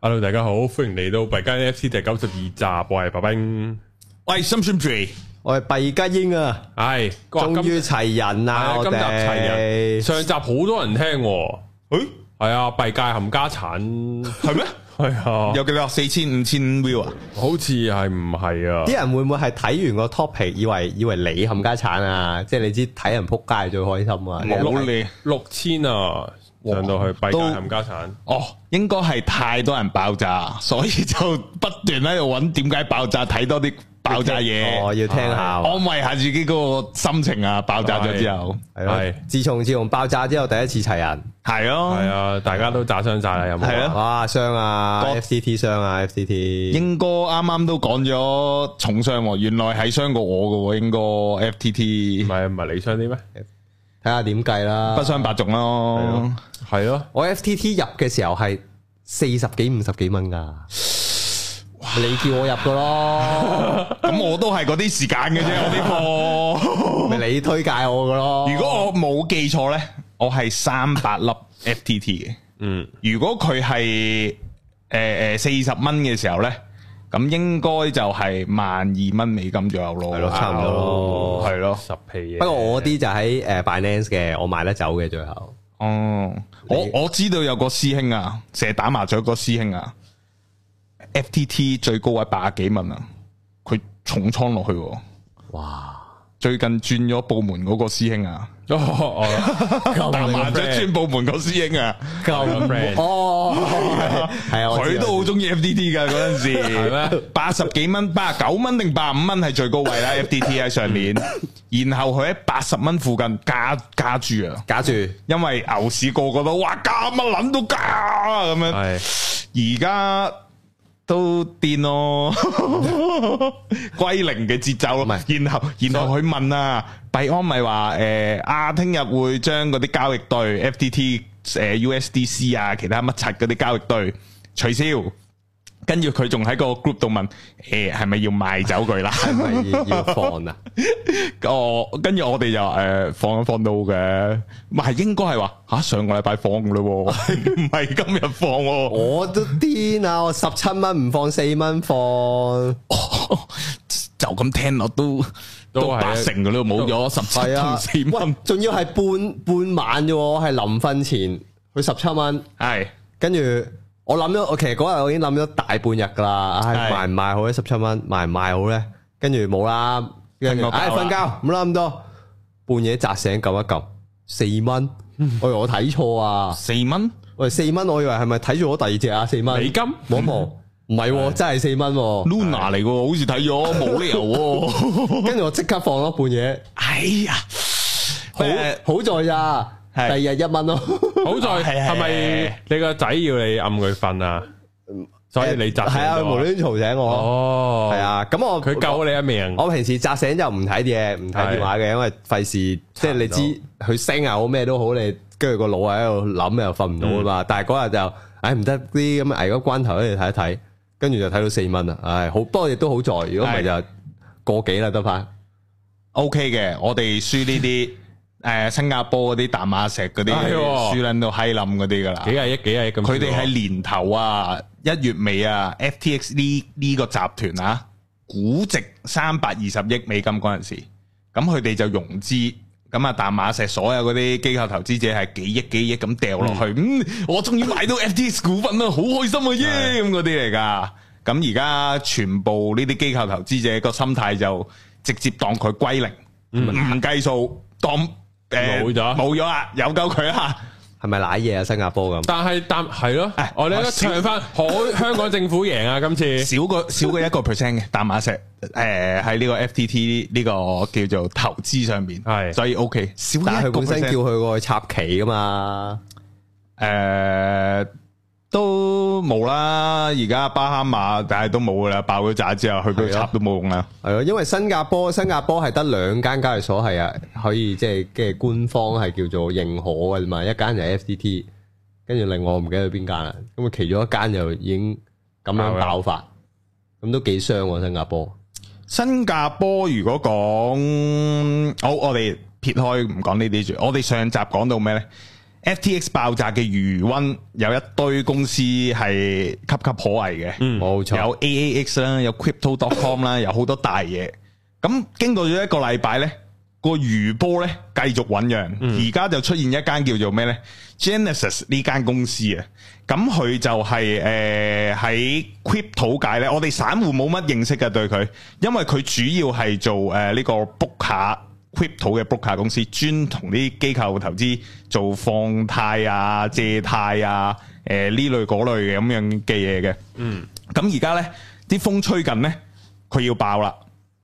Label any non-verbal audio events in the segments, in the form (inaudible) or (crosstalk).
hello，大家好，歡迎嚟到《幣加 NFT》第九十二集，我係白兵，喂，深水樹，我係幣加鷹啊，係、哎，終於齊人啊，今集齊人。上集好多人聽，誒，係啊，幣加冚家產係咩？係啊，有幾多四千五千 view 啊？好似係唔係啊？啲人會唔會係睇完個 topic 以為以為你冚家產啊？即係你知睇人撲街最開心啊？冇六六千啊？上到去閉咗冚家產，哦，應該係太多人爆炸，所以就不斷喺度揾點解爆炸，睇多啲爆炸嘢，我要聽下，安慰下自己嗰個心情啊！爆炸咗之後，係咯，自從自從爆炸之後第一次齊人，係咯，係啊，大家都炸傷晒啦，有冇？係啊，哇，傷啊，FTT 傷啊，FTT，英哥啱啱都講咗重傷，原來係傷過我噶，英哥 FTT，唔係唔係你傷啲咩？睇下點計啦，不相伯仲咯，係咯、啊啊。我 F T T 入嘅時候係四十幾五十幾蚊噶，哇你叫我入嘅咯，咁 (laughs) 我都係嗰啲時間嘅啫，嗰啲貨，咪你推介我嘅咯。如果我冇記錯咧，我係三百粒 F T T 嘅， (laughs) 嗯。如果佢係誒誒四十蚊嘅時候咧。咁應該就係萬二蚊美金左右咯，係咯，差唔多，係咯，咯十皮嘢。不過我啲就喺誒 Binance 嘅，我買得走嘅最後。哦、嗯，我我知道有個師兄啊，成日打麻雀個師兄啊，FTT 最高位八十幾蚊啊，佢重倉落去、啊。哇！最近轉咗部門嗰個師兄啊，但係萬歲轉部門嗰師兄啊，哦，係啊，佢都好中意 F D D 噶嗰陣時，八十幾蚊，八十九蚊定八五蚊係最高位啦，F D D 喺上面。然後佢喺八十蚊附近加加住啊，加住，因為牛市個個都哇加乜諗到加咁樣，而家。都癲咯， (laughs) (laughs) 歸零嘅節奏咯是，然後然後佢問啊，幣吧安咪話誒啊，聽日會將嗰啲交易對 FTT、呃、誒 USDC 啊，其他乜柒嗰啲交易對取消。跟住佢仲喺個 group 度問，誒係咪要賣走佢啦？係咪 (laughs) 要放啊？哦， (laughs) 跟住我哋就誒放一放到嘅，唔係應該係話吓上個禮拜放噶咯，唔係 (laughs) 今日放， (laughs) 放。我 (laughs) 都癲是啊！我十七蚊唔放四蚊，放就咁聽落都都係八成噶啦，冇咗十七同四蚊，仲要係半半晚嘅，我係臨瞓前佢十七蚊，係是跟住。我諗咗，我其實嗰日我已經諗咗大半日噶啦，係賣唔賣好咧？十七蚊，賣唔賣好咧？跟住冇啦，跟住，哎，瞓、哎、覺，唔諗咁多，半夜扎醒，撳一撳，四蚊、哎，我以為，我睇錯啊，四蚊、哎，喂，四蚊，我以為係咪睇錯我第二隻啊？四蚊，美金，冇冇，唔係，的真係四蚊，Luna 嚟嘅，的的好似睇咗，冇理由， (laughs) 跟住我即刻放咗半夜，哎呀，好， (laughs) 好，好在呀。第二日一蚊咯，好在係咪你個仔要你暗佢瞓啊？所以你扎係啊，無端端嘈醒我哦。係啊，咁我佢救你一命。我平時扎醒就唔睇嘢，唔睇電話嘅，因為費事，即係你知佢聲又好咩都好，你跟住個腦喺度諗又瞓唔到啊嘛。但係嗰日就，唉唔得啲咁嘅危急關頭咧，睇一睇，跟住就睇到四蚊啊！唉，好，不過亦都好在，如果唔係就過幾啦，得返。OK 嘅，我哋輸呢啲。誒，新加坡嗰啲淡馬錫嗰啲，輸捻到閪冧嗰啲噶啦，幾廿億幾廿億咁。佢哋喺年頭啊，一月尾啊，FTX 呢呢個集團啊，估值三百二十億美金嗰陣時，咁佢哋就融資，咁啊淡馬錫所有嗰啲機構投資者係幾億幾億咁掉落去，嗯，我終於買到 FTX 股份啦，好開心啊耶！咁嗰啲嚟噶，咁而家全部呢啲機構投資者個心態就直接當佢歸零，唔計數，當。冇咗，冇咗啦，有救佢啊！係咪瀨嘢啊？新加坡咁，但係擔係咯，我哋都唱翻好香港政府贏啊！今次少過少過一個 percent 嘅大馬石，誒喺呢個 FTT 呢個叫做投資上邊係，所以 OK 少打佢，本身叫佢過去插旗噶嘛，誒。都冇啦，而家巴哈馬，但係都冇噶啦，爆咗炸之後去邊度插都冇用啦。係啊，因為新加坡，新加坡係得兩間交易所係啊，可以即係嘅官方係叫做認可嘅嘛，一間就係 FTT，跟住另外我唔記得去邊間啦，咁啊其中一間就已經咁樣爆發，咁都幾傷喎新加坡。新加坡如果講好，我哋撇開唔講呢啲住，我哋上集講到咩咧？FTX 爆炸嘅餘温，有一堆公司係岌岌可危嘅，嗯，冇錯，有 AAX 啦，有 Crypto.com 啦，有好多大嘢。咁經過咗一個禮拜咧，個餘波咧繼續醞釀，而家就出現一間叫做咩咧 Genesis 呢間公司啊。咁佢就係誒喺 Crypto 界咧，我哋散戶冇乜認識嘅對佢，因為佢主要係做誒呢個 book 卡。crypto 嘅 broker 公司專同啲機構投資做放貸啊、借貸啊、誒、呃、呢類嗰類嘅咁樣嘅嘢嘅，嗯，咁而家呢啲風吹緊呢，佢要爆啦，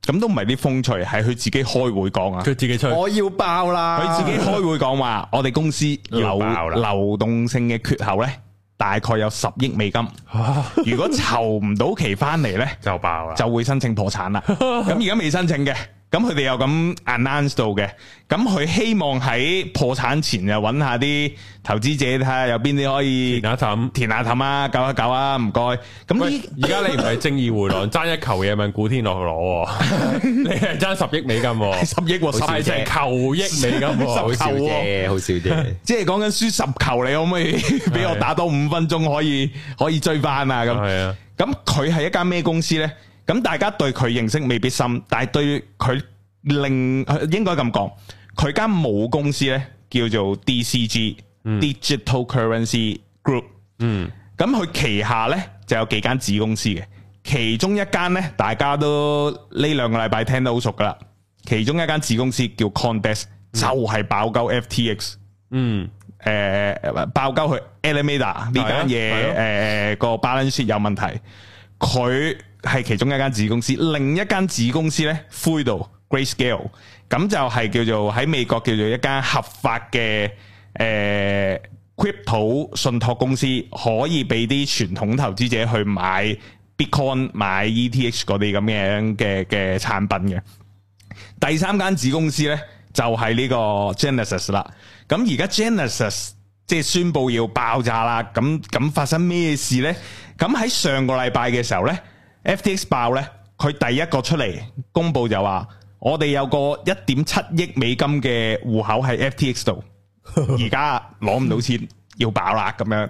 咁都唔係啲風吹，係佢自己開會講啊，佢自己吹，我要爆啦，佢自己開會講話， (laughs) 我哋公司流流動性嘅缺口呢，大概有十億美金，啊、 (laughs) 如果籌唔到期翻嚟呢，就爆啦，就會申請破產啦，咁而家未申請嘅。咁佢哋又咁 announce 到嘅，咁佢希望喺破產前又揾下啲投資者，睇下有邊啲可以填下氹，填下氹啊，搞一搞啊，唔該。咁而家你唔係正義回廊，爭 (laughs) 一球嘢問古天樂去攞， (laughs) 你係爭十億美金，十億喎、啊，十球億美金，好少啫、啊，好少啫，即係講緊輸十球，你可唔可以俾我打多五分鐘可，可以可以追翻啊？咁的，係啊的，咁佢係一間咩公司咧？咁大家對佢認識未必深，但係對佢令應該咁講，佢間母公司咧叫做 DCG，Digital Currency Group。嗯，咁佢、嗯、旗下咧就有幾間子公司嘅，其中一間咧大家都呢兩個禮拜聽得好熟噶啦。其中一間子公司叫 CoinDesk 就係爆鳩 FTX。嗯，誒、呃、爆鳩佢 Alameda 呢間嘢，誒個、啊啊呃、balance sheet 有問題，佢。係其中一間子公司，另一間子公司咧，灰度 （Grayscale） 咁就係叫做喺美國叫做一間合法嘅誒、呃、Crypto 信託公司，可以俾啲傳統投資者去買 Bitcoin、買 ETH 嗰啲咁樣嘅嘅產品嘅。第三間子公司咧就係、是、呢個 Genesis 啦。咁而家 Genesis 即係宣布要爆炸啦。咁咁發生咩事咧？咁喺上個禮拜嘅時候咧。FTX 爆呢，佢第一個出嚟公布就話，我哋有個一點七億美金嘅戶口喺 FTX 度，而家攞唔到錢，要爆啦咁樣。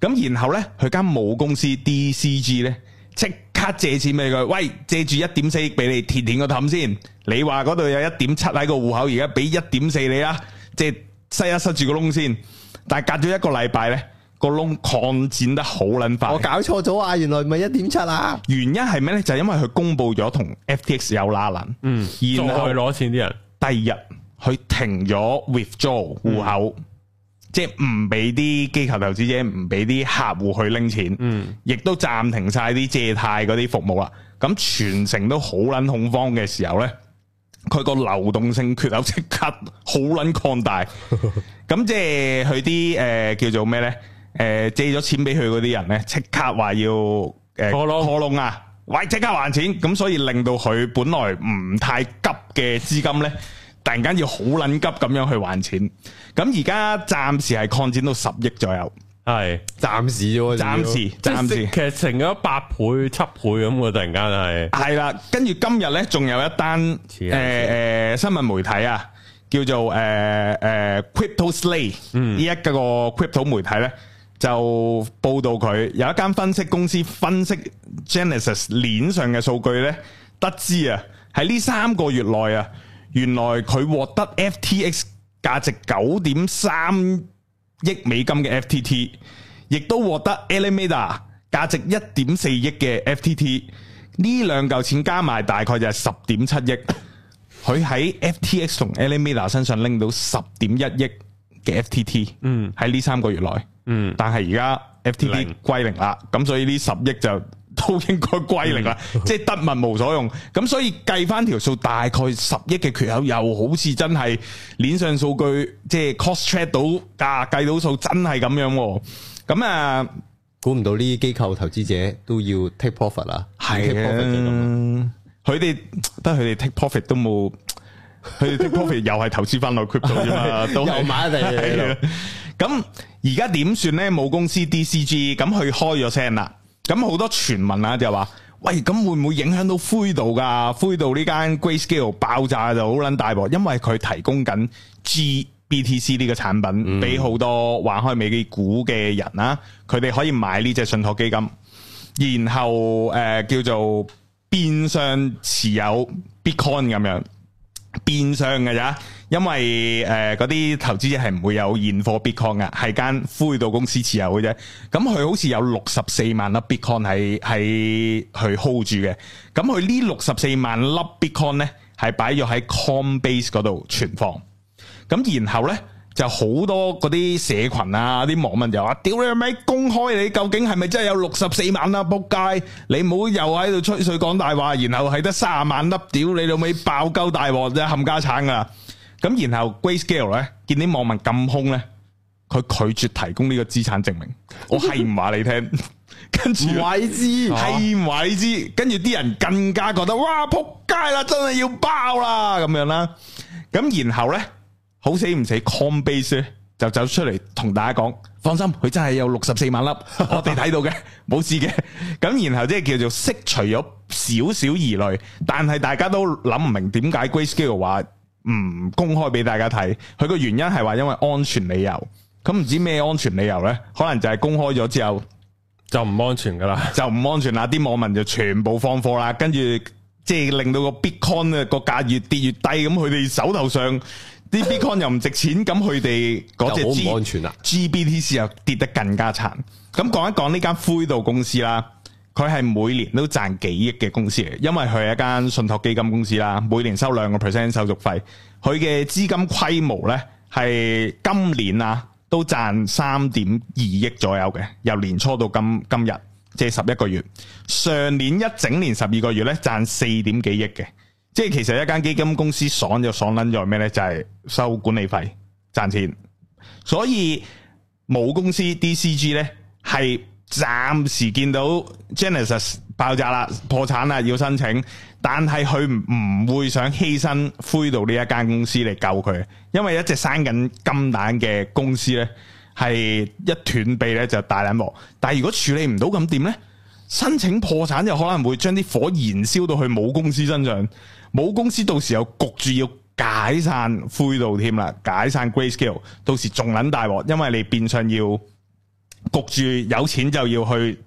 咁然後呢，佢間母公司 DCG 呢，即刻借錢俾佢，喂，借住一點四億俾你填填個氹先。你話嗰度有一點七喺個戶口，而家俾一點四你啦，即係塞一塞住個窿先。但係隔咗一個禮拜呢。個窿擴展得好撚快，我搞錯咗啊！原來唔係一點七啊。原因係咩咧？就係、是、因為佢公佈咗同 FTX 有拉冷，嗯，然後去攞錢啲人第二日佢停咗 withdraw 戶口，嗯、即係唔俾啲機構投資者唔俾啲客戶去拎錢，嗯，亦都暫停晒啲借貸嗰啲服務啦。咁全城都好撚恐慌嘅時候咧，佢個流動性缺口即刻好撚擴大，咁 (laughs) 即係佢啲誒叫做咩咧？誒，借咗錢俾佢嗰啲人咧，即刻話要誒拖窿拖窿啊！喂，即刻還錢，咁所以令到佢本來唔太急嘅資金咧，突然間要好捻急咁樣去還錢。咁而家暫時係擴展到十億左右，係暫時啫，暫時暫時，其實成咗八倍、七倍咁嘅突然間係係啦。跟住今日咧，仲有一單誒誒新聞媒體啊，叫做誒誒 Crypto Slate，嗯，呢一個個 Crypto 媒體咧。就報道佢有一間分析公司分析 Genesis 鏈上嘅數據咧，得知啊喺呢三個月內啊，原來佢獲得 FTX 價值九點三億美金嘅 FTT，亦都獲得 Alameda 價值一點四億嘅 FTT。呢兩嚿錢加埋大概就係十點七億。佢 (laughs) 喺 FTX 同 Alameda 身上拎到十點一億嘅 FTT。嗯，喺呢三個月內。嗯，但係而家 F T D 歸零啦，咁零所以呢十億就都應該歸零啦，即係得物無所用，咁所以計翻條數大概十億嘅缺口，又好似真係鏈上數據即係、就是、cost track 到㗎計到數真係咁樣，咁啊估唔到呢啲機構投資者都要 take profit 啦，係啊，佢哋得，佢哋 take profit 都冇，佢哋 take profit 又係投資翻落 crypto 啫嘛，又買嘢。咁而家點算呢？冇公司 DCG 咁去開咗聲啦。咁好多傳聞啊，就話喂，咁會唔會影響到灰度噶？灰度呢間 Grace Scale 爆炸就好撚大喎，因為佢提供緊 G BTC 呢個產品俾好多玩開美股嘅人啦、啊，佢哋可以買呢隻信託基金，然後誒、呃、叫做變相持有 Bitcoin 咁樣。變相㗎咋？因為誒嗰啲投資者係唔會有現貨 Bitcoin 嘅，係間灰度公司持有嘅啫。咁佢好似有六十四萬粒 Bitcoin 喺喺佢 hold 住嘅。咁佢呢六十四萬粒 Bitcoin 咧，係擺咗喺 Coinbase 嗰度存放。咁然後咧。就好多嗰啲社群啊，啲網民就話：屌你老味，公開你究竟係咪真係有六十四萬啊？仆街！你唔好又喺度吹水講大話，然後係得三十萬粒屌，你老味爆鳩大鑊就冚家鏟啊！」咁然後 Grayscale 咧，見啲網民咁兇咧，佢拒絕提供呢個資產證明。我係唔話你聽， (laughs) (laughs) 跟住話你知，係唔話你知？跟住啲人更加覺得哇，仆街啦，真係要爆啦咁樣啦。咁然後咧。好死唔死，Coinbase 就走出嚟同大家講，放心，佢真係有六十四萬粒，我哋睇到嘅，冇 (laughs) 事嘅。咁 (laughs) 然後即係叫做釋除咗少少疑慮，但係大家都諗唔明點解 Grayscale 話唔公開俾大家睇，佢個原因係話因為安全理由。咁唔知咩安全理由呢？可能就係公開咗之後就唔安全噶啦，就唔安全啦。啲網民就全部放貨啦，跟住即係令到個 Bitcoin 啊個價越跌越低，咁佢哋手頭上。啲 bitcoin 又唔值錢，咁佢哋嗰隻 GBTC 又跌得更加慘。咁講一講呢間灰度公司啦，佢係每年都賺幾億嘅公司嚟，因為佢係一間信託基金公司啦，每年收兩個 percent 手續費。佢嘅資金規模呢，係今年啊都賺三點二億左右嘅，由年初到今今日，即係十一個月。上年一整年十二個月呢，賺四點幾億嘅。即係其實一間基金公司爽就爽捻咗咩咧？就係收管理費賺錢。所以冇公司 DCG 咧，係暫時見到 Genesis 爆炸啦、破產啦，要申請。但係佢唔會想犧牲灰度呢一間公司嚟救佢，因為一隻生緊金蛋嘅公司咧，係一斷臂咧就大冷落。但係如果處理唔到咁點咧？申請破產就可能會將啲火燃燒到去母公司身上，母公司到時候焗住要解散灰度添啦，解散 Grayscale，到時仲撚大鑊，因為你變相要焗住有錢就要去。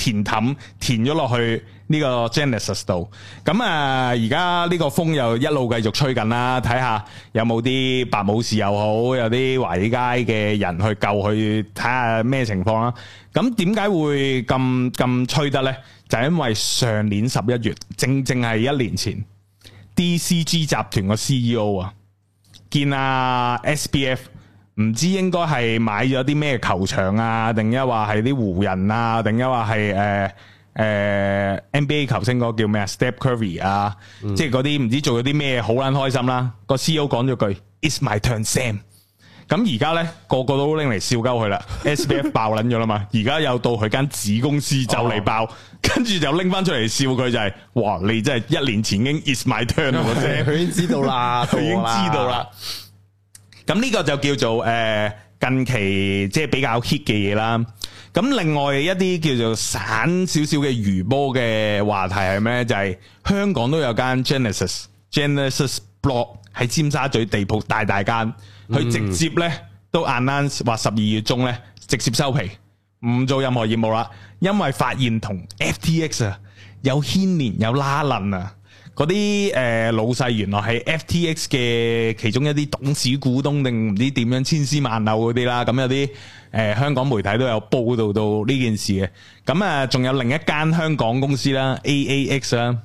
填氹填咗落去呢個 Genesis 度，咁啊而家呢個風又一路繼續吹緊啦，睇下有冇啲白武士又好，有啲華爾街嘅人去救佢，睇下咩情況啊？咁點解會咁咁吹得呢？就因為上年十一月，正正係一年前，DCG 集團個 CEO 啊，見啊 SBF。唔知應該係買咗啲咩球場啊，定一話係啲湖人啊，定一話係誒誒 NBA 球星嗰個叫咩啊？Steph Curry 啊，嗯、即係嗰啲唔知做咗啲咩好撚開心啦、啊！個、嗯、CEO 講咗句：Is my turn Sam。咁而家咧個個都拎嚟笑鳩佢啦 s b (laughs) f 爆撚咗啦嘛！而家又到佢間子公司就嚟爆，跟住 (laughs) 就拎翻出嚟笑佢就係、是：哇！你真係一年前已經 is my turn 啦！佢 (laughs) 已經知道啦，佢 (laughs) 已經知道啦。 (laughs) 咁呢個就叫做誒、呃、近期即係比較 hit 嘅嘢啦。咁另外一啲叫做散少少嘅餘波嘅話題係咩就係、是、香港都有間 Gen (noise) Genesis Genesis Block 喺尖沙咀地鋪大大間，佢直接呢都 announce 話十二月中呢直接收皮，唔做任何業務啦，因為發現同 FTX 啊有牽連有拉攏啊。嗰啲誒老細原來係 FTX 嘅其中一啲董事股東定唔知點樣千絲萬縷嗰啲啦，咁有啲誒香港媒體都有報道到呢件事嘅。咁啊，仲有另一間香港公司啦，AAX 啦。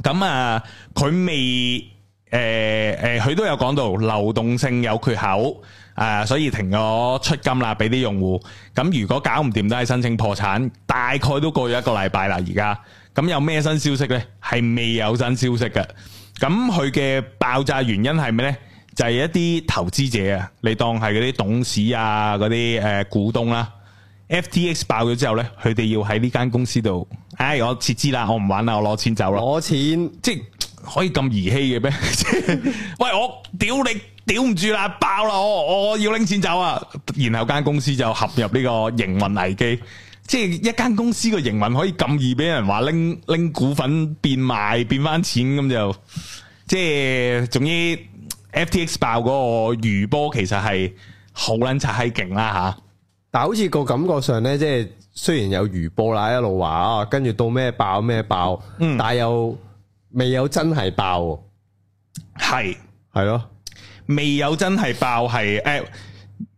咁啊，佢未誒誒，佢都有講到流動性有缺口，誒，所以停咗出金啦，俾啲用戶。咁如果搞唔掂都係申請破產，大概都過咗一個禮拜啦，而家。咁有咩新消息呢？係未有新消息嘅。咁佢嘅爆炸原因係咩呢？就係、是、一啲投資者啊，你當係嗰啲董事啊，嗰啲誒股東啦、啊。F T X 爆咗之後呢，佢哋要喺呢間公司度，唉、哎，我撤資啦，我唔玩啦，我攞錢走啦。攞錢即係可以咁兒戲嘅咩？ (laughs) 喂，我屌你屌唔住啦，爆啦！我我要拎錢走啊！然後間公司就陷入呢個營運危機。即係一間公司個營運可以咁易俾人話拎拎股份變賣變翻錢咁就，即係總之，FTX 爆嗰個餘波其實係好捻賊閪勁啦吓，但係好似個感覺上咧，即係雖然有餘波啦一路話啊，跟住到咩爆咩爆，嗯，但係又未有真係爆，係係咯，未有真係爆係誒，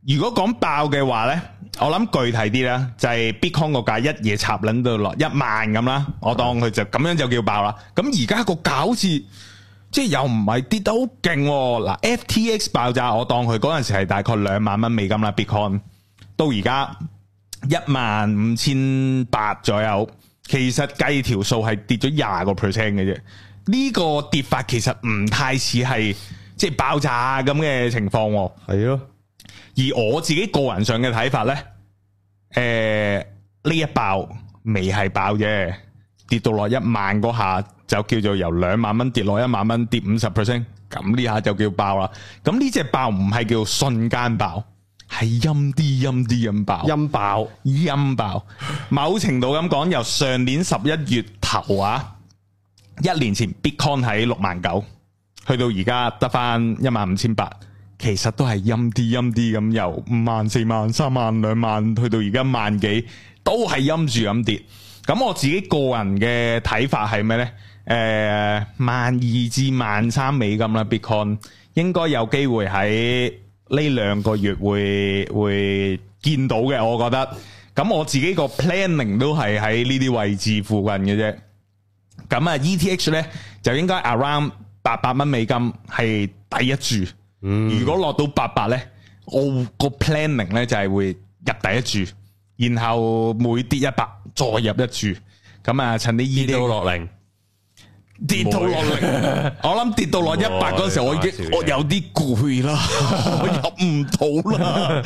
如果講爆嘅話咧。我諗具體啲啦，就係、是、Bitcoin 個價一夜插撚到落一萬咁啦，我當佢就咁樣就叫爆、哦、啦。咁而家個價好似即係又唔係跌到好勁。嗱，FTX 爆炸，我當佢嗰陣時係大概兩萬蚊美金啦，Bitcoin 到而家一萬五千八左右。其實計條數係跌咗廿個 percent 嘅啫。呢、這個跌法其實唔太似係即係爆炸咁嘅情況、哦。係咯。而我自己個人上嘅睇法呢，誒、呃、呢一爆未係爆啫。跌到落一萬嗰下就叫做由兩萬蚊跌落一萬蚊跌五十 percent，咁呢下就叫爆啦。咁呢隻爆唔係叫瞬間爆，係陰啲陰啲陰爆，陰爆陰爆。陰爆 (laughs) 某程度咁講，由上年十一月頭啊，一年前 bitcoin 喺六萬九，去到而家得返一萬五千八。其實都係陰啲陰啲咁，由五萬四萬三萬兩萬去到而家萬幾，都係陰住咁跌。咁我自己個人嘅睇法係咩呢？誒、呃，萬二至萬三美金啦，Bitcoin 應該有機會喺呢兩個月會會見到嘅，我覺得。咁我自己個 planning 都係喺呢啲位置附近嘅啫。咁啊，ETH 咧就應該 around 八百蚊美金係第一柱。嗯、如果落到八百呢，我個 planning 呢就係會入第一注，然後每跌一百再入一注，咁啊趁啲 e 落嚟。跌到落嚟，我諗跌到落一百嗰時候，我已經我有啲攰啦，我入唔到啦，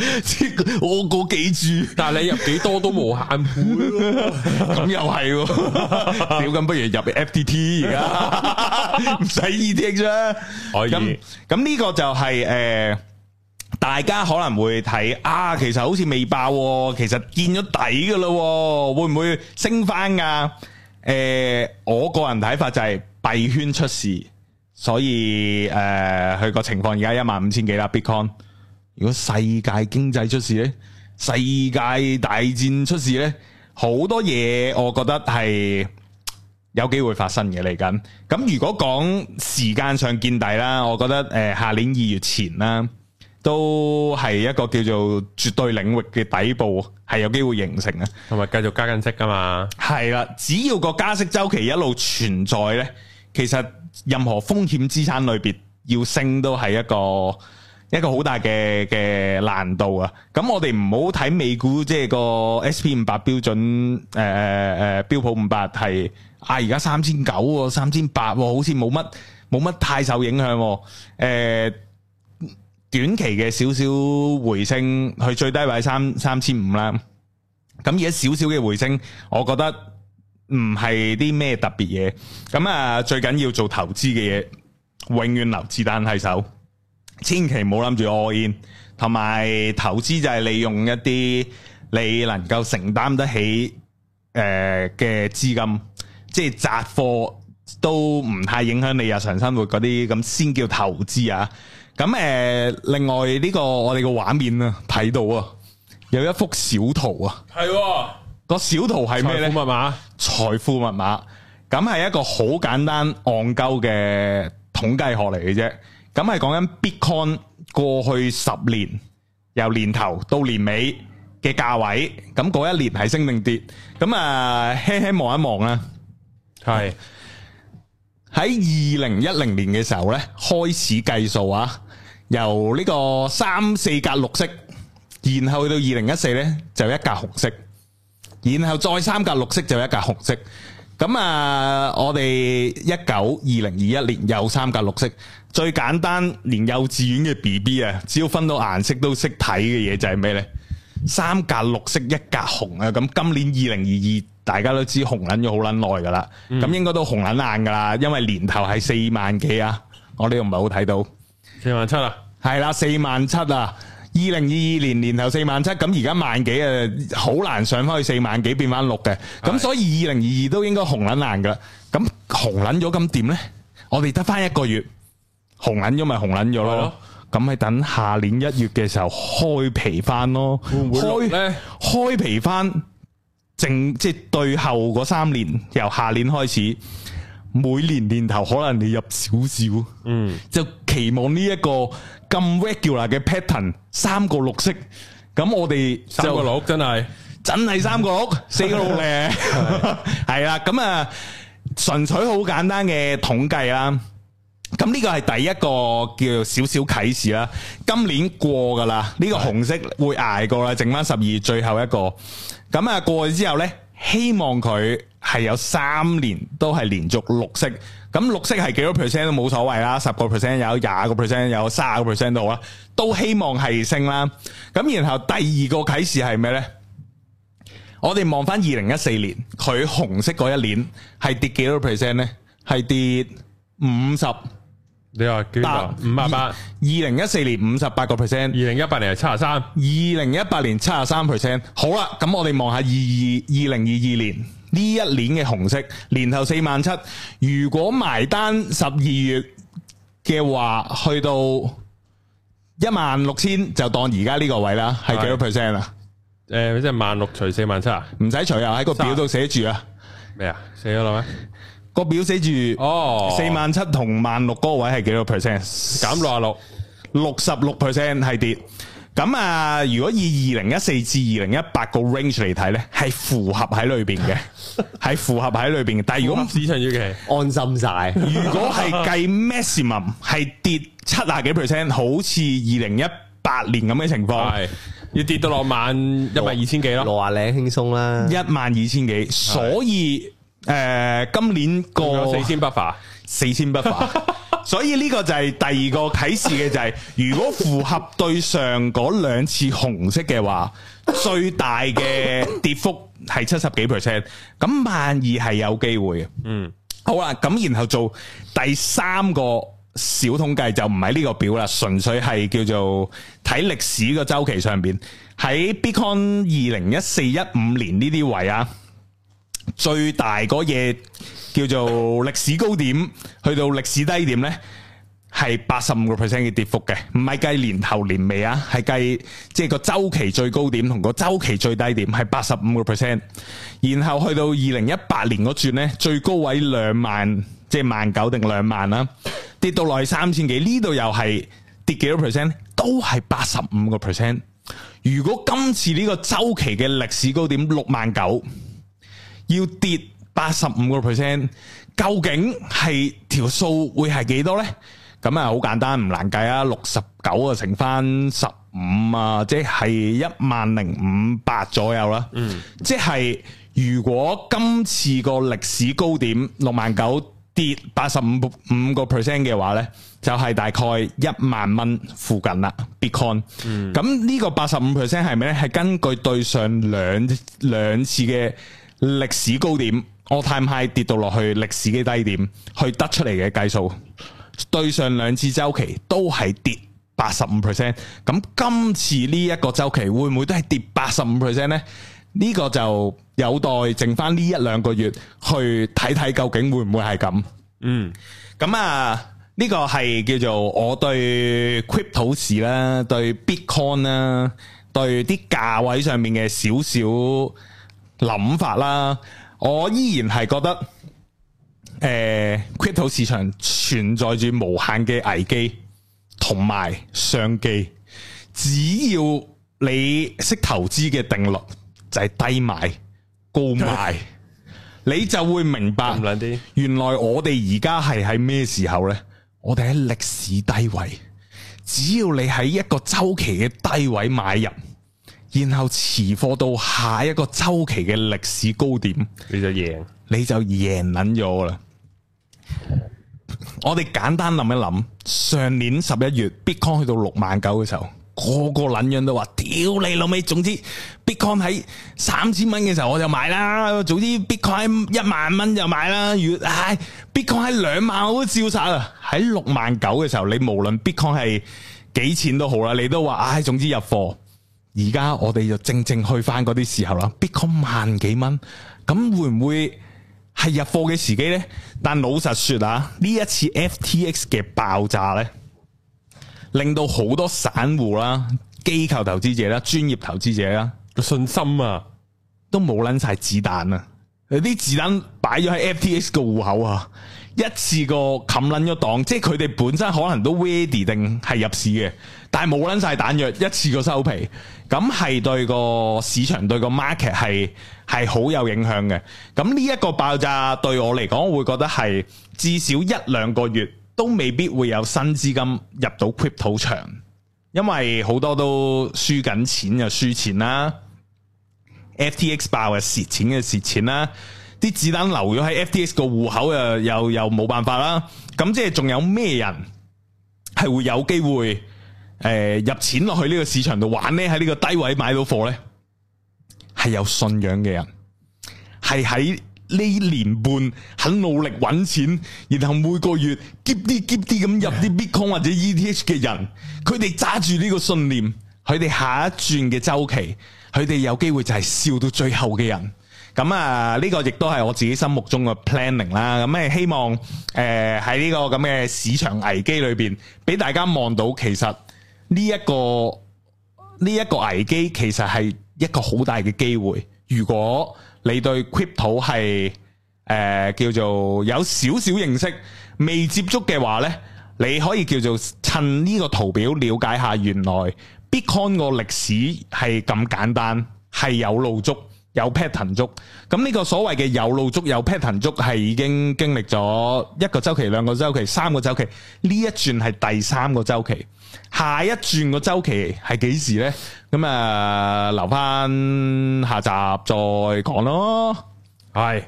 我個幾注，但係你入幾多都無限盤，咁又係，屌咁不如入 FTT 而家，唔使二點啫，可以。咁咁呢個就係誒，大家可能會睇啊，其實好似未爆，其實見咗底噶啦，會唔會升翻噶？誒、呃，我個人睇法就係幣圈出事，所以誒佢個情況而家一萬五千幾啦。Bitcoin，如果世界經濟出事呢，世界大戰出事呢，好多嘢我覺得係有機會發生嘅嚟緊。咁如果講時間上見底啦，我覺得誒、呃、下年二月前啦。都係一個叫做絕對領域嘅底部，係有機會形成啊，同埋繼續加緊息噶嘛係啦，只要個加息周期一路存在呢，其實任何風險資產類別要升都係一個一個好大嘅嘅難度啊。咁我哋唔好睇美股，即係個 S P 五百標準，誒誒誒，標普五百係啊，而家三千九，三千八，好似冇乜冇乜太受影響，誒。短期嘅少少回升，去最低位三三千五啦。咁而家少少嘅回升，我覺得唔係啲咩特別嘢。咁啊，最緊要做投資嘅嘢，永遠留子彈喺手，千祈唔好諗住 all in。同埋投資就係利用一啲你能夠承擔得起誒嘅資金，即係雜貨都唔太影響你日常生活嗰啲，咁先叫投資啊！咁誒，另外呢個我哋個畫面啊，睇到啊，有一幅小圖啊，係喎，個小圖係咩咧？財富密碼，財富密碼，咁係一個好簡單、戇鳩嘅統計學嚟嘅啫。咁係講緊 Bitcoin 過去十年由年頭到年尾嘅價位，咁嗰一年係升定跌？咁啊，輕輕望一望啊，係喺二零一零年嘅時候咧，開始計數啊。由呢個三四格綠色，然後去到二零一四呢，就一格紅色，然後再三格綠色就一格紅色。咁啊，我哋一九、二零、二一年又三格綠色。最簡單，連幼稚園嘅 B B 啊，只要分到顏色都識睇嘅嘢就係咩呢？三格綠色，一格紅啊！咁今年二零二二，大家都知紅捻咗好捻耐噶啦，咁、嗯、應該都紅捻硬噶啦，因為年頭係四萬幾啊，我呢個唔係好睇到。四萬七啊，係啦，四萬七啊，二零二二年年頭四萬七，咁而家萬幾啊，好難上翻去四萬幾變翻六嘅，咁的所以二零二二都應該紅捻難噶，咁紅捻咗咁點呢？我哋得翻一個月紅捻咗咪紅捻咗咯，咁係的等下年一月嘅時候開皮翻咯，會唔會六咧？開，開皮翻正即係對後嗰三年，由下年開始。每年年頭可能你入少少，嗯，就期望呢一個咁 regular 嘅 pattern，三個綠色，咁我哋三個六真係，真係三個六，四個六咧，係啦，咁啊，純粹好簡單嘅統計啦，咁呢個係第一個叫做少少啟示啦，今年過噶啦，呢個紅色會挨過啦，剩翻十二最後一個，咁啊過咗之後咧，希望佢。係有三年都係連續綠色，咁綠色係幾多 percent 都冇所謂啦，十個 percent 有廿個 percent 有卅個 percent 都好啦，都希望係升啦。咁然後第二個啟示係咩呢？我哋望翻二零一四年，佢紅色嗰一年係跌,多呢跌 50, 幾多 percent 咧？係跌五十。你話幾多？五八八？二零一四年五十八個 percent，二零一八年係七十三，二零一八年七十三 percent。好啦，咁我哋望下二二二零二二年。呢一年嘅紅色，年頭四萬七，如果埋單十二月嘅話，去到一萬六千就當而家呢個位啦，係幾吧多 percent、呃、啊？誒，即係萬六除四萬七啊？唔使除，又喺個表度寫住啦。咩啊 10?？寫咗六咩？個表寫住哦，四萬七同萬六嗰個位係幾多 percent？減六啊六，六十六 percent 係跌。咁啊，如果以二零一四至二零一八個 range 嚟睇咧，係符合喺裏邊嘅，係符合喺裏邊嘅。但係如果市場預期安心晒，如果係計 maximum 係跌七啊幾 percent，好似二零一八年咁嘅情況，要跌到落萬一萬二千幾咯，羅華你輕鬆啦，一萬二千幾。所以誒、呃，今年過四千 buffer 四千 buffer 所以呢個就係第二個啟示嘅就係、是，如果符合對上嗰兩次紅色嘅話，最大嘅跌幅係七十幾 percent，咁萬二係有機會嘅。嗯，好啦，咁然後做第三個小統計就唔係呢個表啦，純粹係叫做睇歷史個周期上邊喺 Bitcoin 二零一四一五年呢啲位啊，最大嗰嘢。叫做歷史高點去到歷史低點呢，係八十五個 percent 嘅跌幅嘅，唔係計年頭年尾啊，係計即係個周期最高點同個周期最低點係八十五個 percent。然後去到二零一八年嗰轉呢，最高位兩萬，即係萬九定兩萬啦，跌到落去三千幾，呢度又係跌幾多 percent 呢？都係八十五個 percent。如果今次呢個周期嘅歷史高點六萬九要跌。八十五個 percent，究竟係條數會係幾多呢？咁啊，好簡單唔難計啊，六十九啊乘翻十五啊，即係一萬零五百左右啦。嗯，即係如果今次個歷史高點六萬九跌八十五五個 percent 嘅話呢，就係大概一萬蚊附近啦。Bitcoin。嗯，咁呢個八十五 percent 係咩呢？係根據對上兩兩次嘅歷史高點。我 all time high 跌到落去歷史嘅低點，去得出嚟嘅計數，對上兩次周期都係跌八十五 percent，咁今次呢一個周期會唔會都係跌八十五 percent 咧？呢、這個就有待剩翻呢一兩個月去睇睇究竟會唔會係咁。嗯，咁啊，呢、這個係叫做我對 cryptos 啦，對 bitcoin 啦，對啲價位上面嘅少少諗法啦。我依然係覺得，誒、呃、crypto 市場存在住無限嘅危機同埋商機。只要你識投資嘅定律，就係、是、低買高賣，對 你就會明白。咁啲，原來我哋而家係喺咩時候呢？我哋喺歷史低位。只要你喺一個周期嘅低位買入。然後持貨到下一個周期嘅歷史高點，你就贏，你就贏捻咗啦。 (laughs) 我哋簡單諗一諗，上年十一月 Bitcoin 去到六萬九嘅時候，個個捻樣都話，屌你老味。總之，Bitcoin 喺三千蚊嘅時候我就買啦，總之 Bitcoin 喺一萬蚊就買啦。如果，唉、哎，Bitcoin 喺兩萬我都照殺啦。喺六萬九嘅時候，你無論 Bitcoin 係幾錢都好啦，你都話，唉、哎，總之入貨。而家我哋就正正去翻嗰啲時候啦，逼咗萬幾蚊，咁會唔會係入貨嘅時機呢？但老實說啊，呢一次 FTX 嘅爆炸呢，令到好多散戶啦、機構投資者啦、專業投資者啦信心啊，都冇捻晒子彈啊！呢啲子彈擺咗喺 FTX 嘅戶口啊！一次過冚撚咗檔，即係佢哋本身可能都 ready 定係入市嘅，但係冇撚晒彈藥，一次過收皮，咁係對個市場對個 market 係係好有影響嘅。咁呢一個爆炸對我嚟講，我會覺得係至少一兩個月都未必會有新資金入到 crypto 場，因為好多都輸緊錢又輸錢啦，FTX 爆啊，蝕錢啊，蝕錢啦。啲子彈留咗喺 FTX 個戶口又又又冇辦法啦，咁即係仲有咩人係會有機會誒、呃、入錢落去呢個市場度玩咧？喺呢個低位買到貨咧，係有信仰嘅人，係喺呢年半肯努力揾錢，然後每個月 keep 啲 keep 啲咁入啲 bitcoin 或者 ETH 嘅人，佢哋揸住呢個信念，佢哋下一轉嘅周期，佢哋有機會就係笑到最後嘅人。咁啊，呢、嗯這個亦都係我自己心目中嘅 planning 啦。咁、嗯、誒希望誒喺呢個咁嘅市場危機裏邊，俾大家望到其實呢一、這個呢一、這個危機其實係一個好大嘅機會。如果你對 crypto 係誒叫做有少少認識未接觸嘅話咧，你可以叫做趁呢個圖表了解下，原來 Bitcoin 個歷史係咁簡單，係有路捉。有 pattern 足，咁呢個所謂嘅有路足、有 pattern 足，係已經經歷咗一個週期、兩個週期、三個週期，呢一轉係第三個週期，下一轉個週期係幾時呢？咁啊，留翻下集再講咯。係，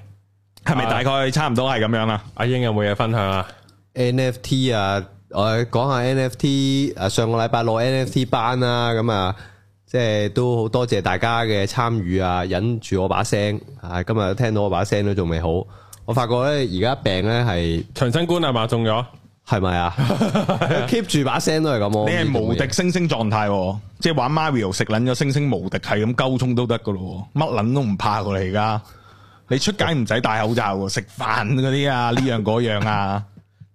係咪大概差唔多係咁樣啊？阿英有冇嘢分享啊？NFT 啊，我講下 NFT 啊，上個禮拜落 NFT 班啊，咁啊。即係都好多謝大家嘅參與啊！忍住我把聲啊，今日聽到我把聲都仲未好。我發覺咧，而家病咧係長新冠係嘛中咗，係咪啊？keep 住把聲都係咁。你係無敵星星狀態，啊，即係玩 Mario 食撚咗星星無敵，係咁溝通都得噶咯。乜撚都唔怕過你而家。你出街唔使戴口罩，食飯嗰啲啊，呢 (laughs) 樣嗰樣啊，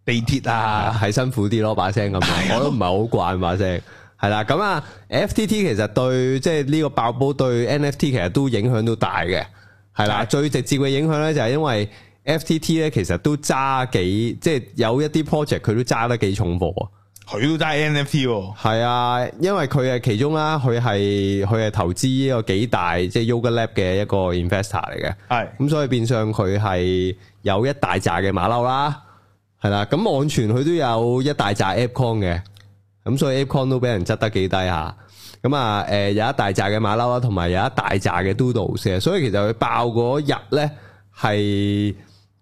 地鐵啊，係、啊、辛苦啲咯，啊。把聲咁，我都唔係好慣把聲。 (laughs) (laughs) 係啦，咁啊，F T T 其實對即係呢個爆煲對 N F T 其實都影響都大嘅。係啦，的最直接嘅影響咧就係因為 F T T 咧其實都揸幾即係有一啲 project 佢都揸得幾重貨，佢都揸 N F T 喎、哦，係啊，因為佢係其中啦，佢係佢係投資呢個幾大即係 Yuga Lab 嘅一個 investor 嚟嘅。係、就是，咁的所以變相佢係有一大扎嘅馬騮啦，係啦，咁網傳佢都有一大紮 App Con 嘅。咁所以 ApeCoin 都俾人執得幾低下，咁、嗯、啊，誒、呃、有一大扎嘅馬騮啦，同埋有一大扎嘅 Doodles，所以其實佢爆嗰日咧係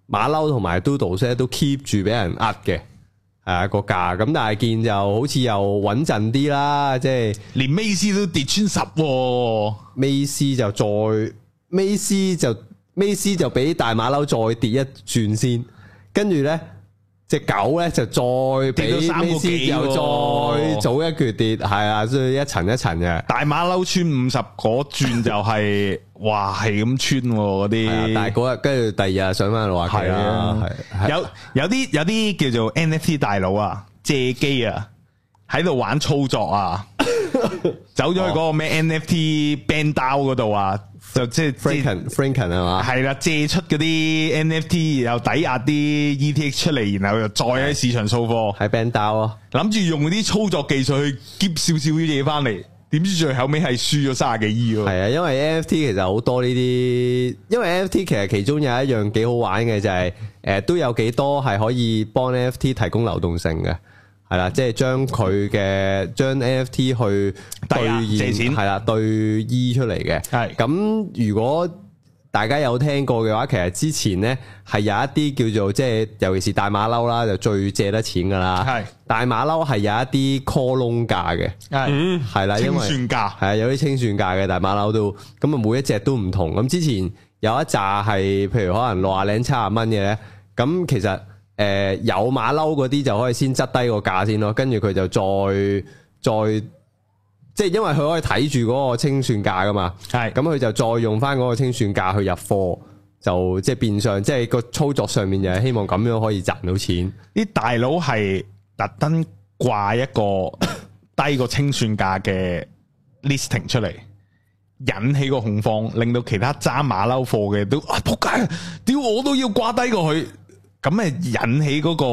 馬騮同埋 Doodles 都 keep 住俾人呃嘅，係、啊、一個價。咁但係見就好似又穩陣啲啦，即係連 Macy 都跌穿十、哦、Macy 就再 Macy 就 Macy 就俾大馬騮再跌一轉先，跟住咧。隻狗呢就再跌到三個幾，之後又再早一橛跌，係啊，即係一層一層嘅。大馬騮穿五十個轉就係、係， (laughs) 哇，係咁穿嗰啲。但係嗰日跟住第二日上翻嚟話佢啦，係。有有啲有啲叫做 NFT 大佬啊，借機啊，喺度玩操作啊，走咗 (laughs) (laughs) 去嗰個咩 NFT BendDAO 嗰度啊。就即係 Franken，Franken 係嘛？係啦，借出嗰啲 NFT，然後抵押啲 ETH 出嚟，然後又再喺市場掃貨，喺 band down 啊，諗住用啲操作技術去劫少少啲嘢翻嚟，點知最後尾係輸咗三十幾億咯。係啊，因為 NFT 其實好多呢啲，因為 NFT 其實其中有一樣幾好玩嘅就係，誒，都有幾多係可以幫 NFT 提供流動性嘅。係啦，即係將佢嘅將 NFT 去兌現，係啦兌依出嚟嘅。係咁的，如果大家有聽過嘅話，其實之前咧係有一啲叫做即係，尤其是大馬騮啦，就最借得錢噶啦。係的大馬騮係有一啲 call loan 價嘅，係係啦，因為係啊，有啲清算價嘅大馬騮都咁啊，每一隻都唔同。咁之前有一扎係，譬如可能六啊零七啊蚊嘅咧，咁其實。誒、呃，有馬騮嗰啲就可以先執低個價先咯，跟住佢就再再即係，因為佢可以睇住嗰個清算價噶嘛，係咁佢就再用翻嗰個清算價去入貨，就即係變相即係個操作上面就係希望咁樣可以賺到錢。啲大佬係特登掛一個 (laughs) 低個清算價嘅 listing 出嚟，引起個恐慌，令到其他揸馬騮貨嘅都啊仆街，屌我都要掛低過去。咁係，引起嗰個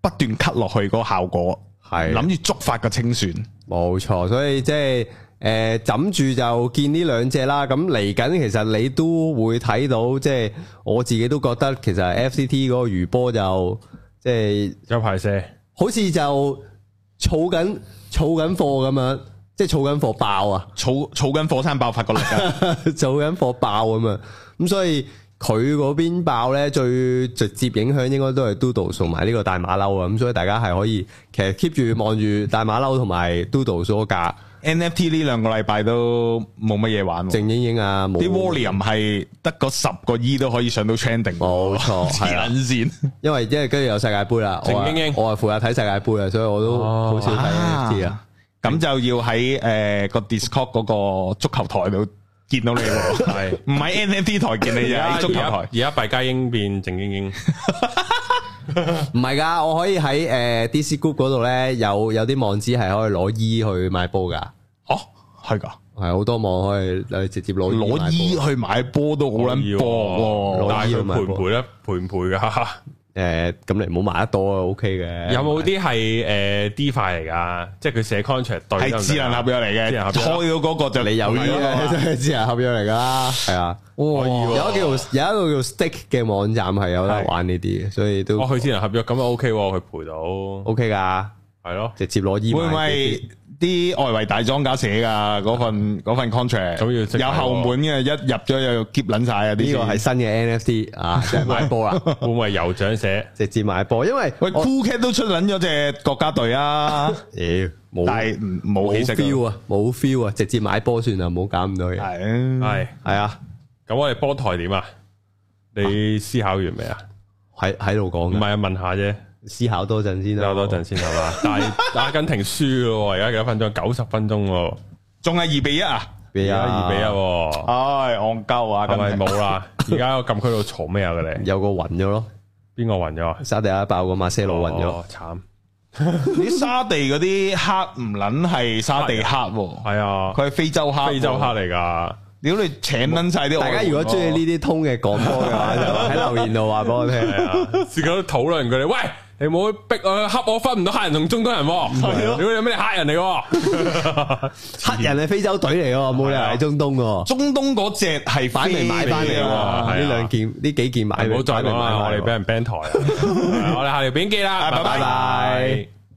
不斷吸落去嗰個效果，係諗住觸發個清算，冇錯。所以即係誒，枕、呃、住就見呢兩隻啦。咁嚟緊，其實你都會睇到，即係我自己都覺得，其實 F C T 嗰個餘波就即係有排射，好似就儲緊儲緊貨咁樣，即係儲緊貨爆啊！儲儲緊火山爆發過嚟噶，儲緊貨爆咁樣！咁 (laughs) 所以。佢嗰邊爆咧，最直接影響應該都係 Doodle 同埋呢個大馬騮啊！咁、嗯、所以大家係可以其實 keep 住望住大馬騮同埋 Doodle 嗰個價。NFT 呢兩個禮拜都冇乜嘢玩。鄭英英啊，啲 volume 係得個十個 E 都可以上到 trending。冇、oh, 錯，黐線。因為因為跟住有世界盃啦，英英我係負責睇世界盃啊，所以我都好少睇 NFT 啊。咁就要喺誒個 Discord 嗰個足球台度。見到你係唔係 NFT 台見你啫。 (laughs) 足球台而家幣加鷹變正經鷹，唔係噶。我可以喺誒 DC Group 嗰度咧，有有啲網址係可以攞衣去買波噶。哦，係噶係好多網可以去直接攞攞衣去買波都好撚要，啊、但係賠唔賠咧賠唔賠噶？ (laughs) 誒咁你唔好買得多啊，OK 嘅。有冇啲係誒 DeFi 嚟噶？即係佢寫 contract 對。係智能合約嚟嘅，開到嗰個就你有依嘅，真係智能合約嚟噶。係啊，哇！ (coughs) 哦、有一叫 (coughs) 有一個叫 Stake 嘅網站係有得玩呢啲，嘅是，所以都哇，佢、哦、智能合約咁啊 OK，佢賠到 OK 㗎，係咯，直接攞依。會唔會？啲外圍大莊家寫噶嗰份嗰份 contract，有後門嘅，一入咗又要劫捻晒啊！呢個係新嘅 NFT 啊，買波啦，會唔會由長酋長寫直接買波？因為喂，Cool Cat 都出捻咗隻國家隊啊，妖，冇但係冇氣勢 feel 啊，冇 feel 啊，直接買波算啦，唔好搞咁多嘢。係係係啊，咁我哋波台點啊？你思考完未啊？喺喺度講，唔係啊，問下啫。思考多陣先啦，多陣先係嘛？但係阿根廷輸咯，而家幾多分鐘？九十分鐘喎，仲係二比一啊？而家二比一，唉，戇鳩啊！係咪冇啦？而家我撳佢度嘈咩啊？佢哋有個暈咗咯，邊個暈咗啊？沙地阿爆個馬西路暈咗，慘、哦！啲 (laughs) 沙地嗰啲黑唔撚係沙地黑，係啊，佢係、啊、非洲黑、啊，非洲黑嚟噶。如果你請捻晒啲，大家如果中意呢啲通嘅廣波嘅話，就喺留言度話俾我聽，自己都討論佢哋。喂，你唔好逼我，黑我分唔到黑人同中東人。你有咩黑人嚟？黑人係非洲隊嚟，冇理由喺中東噶。中東嗰隻係反嚟買翻嚟。呢兩件呢幾件買，唔好再我哋俾人 band 台。我哋下條片機啦，拜拜。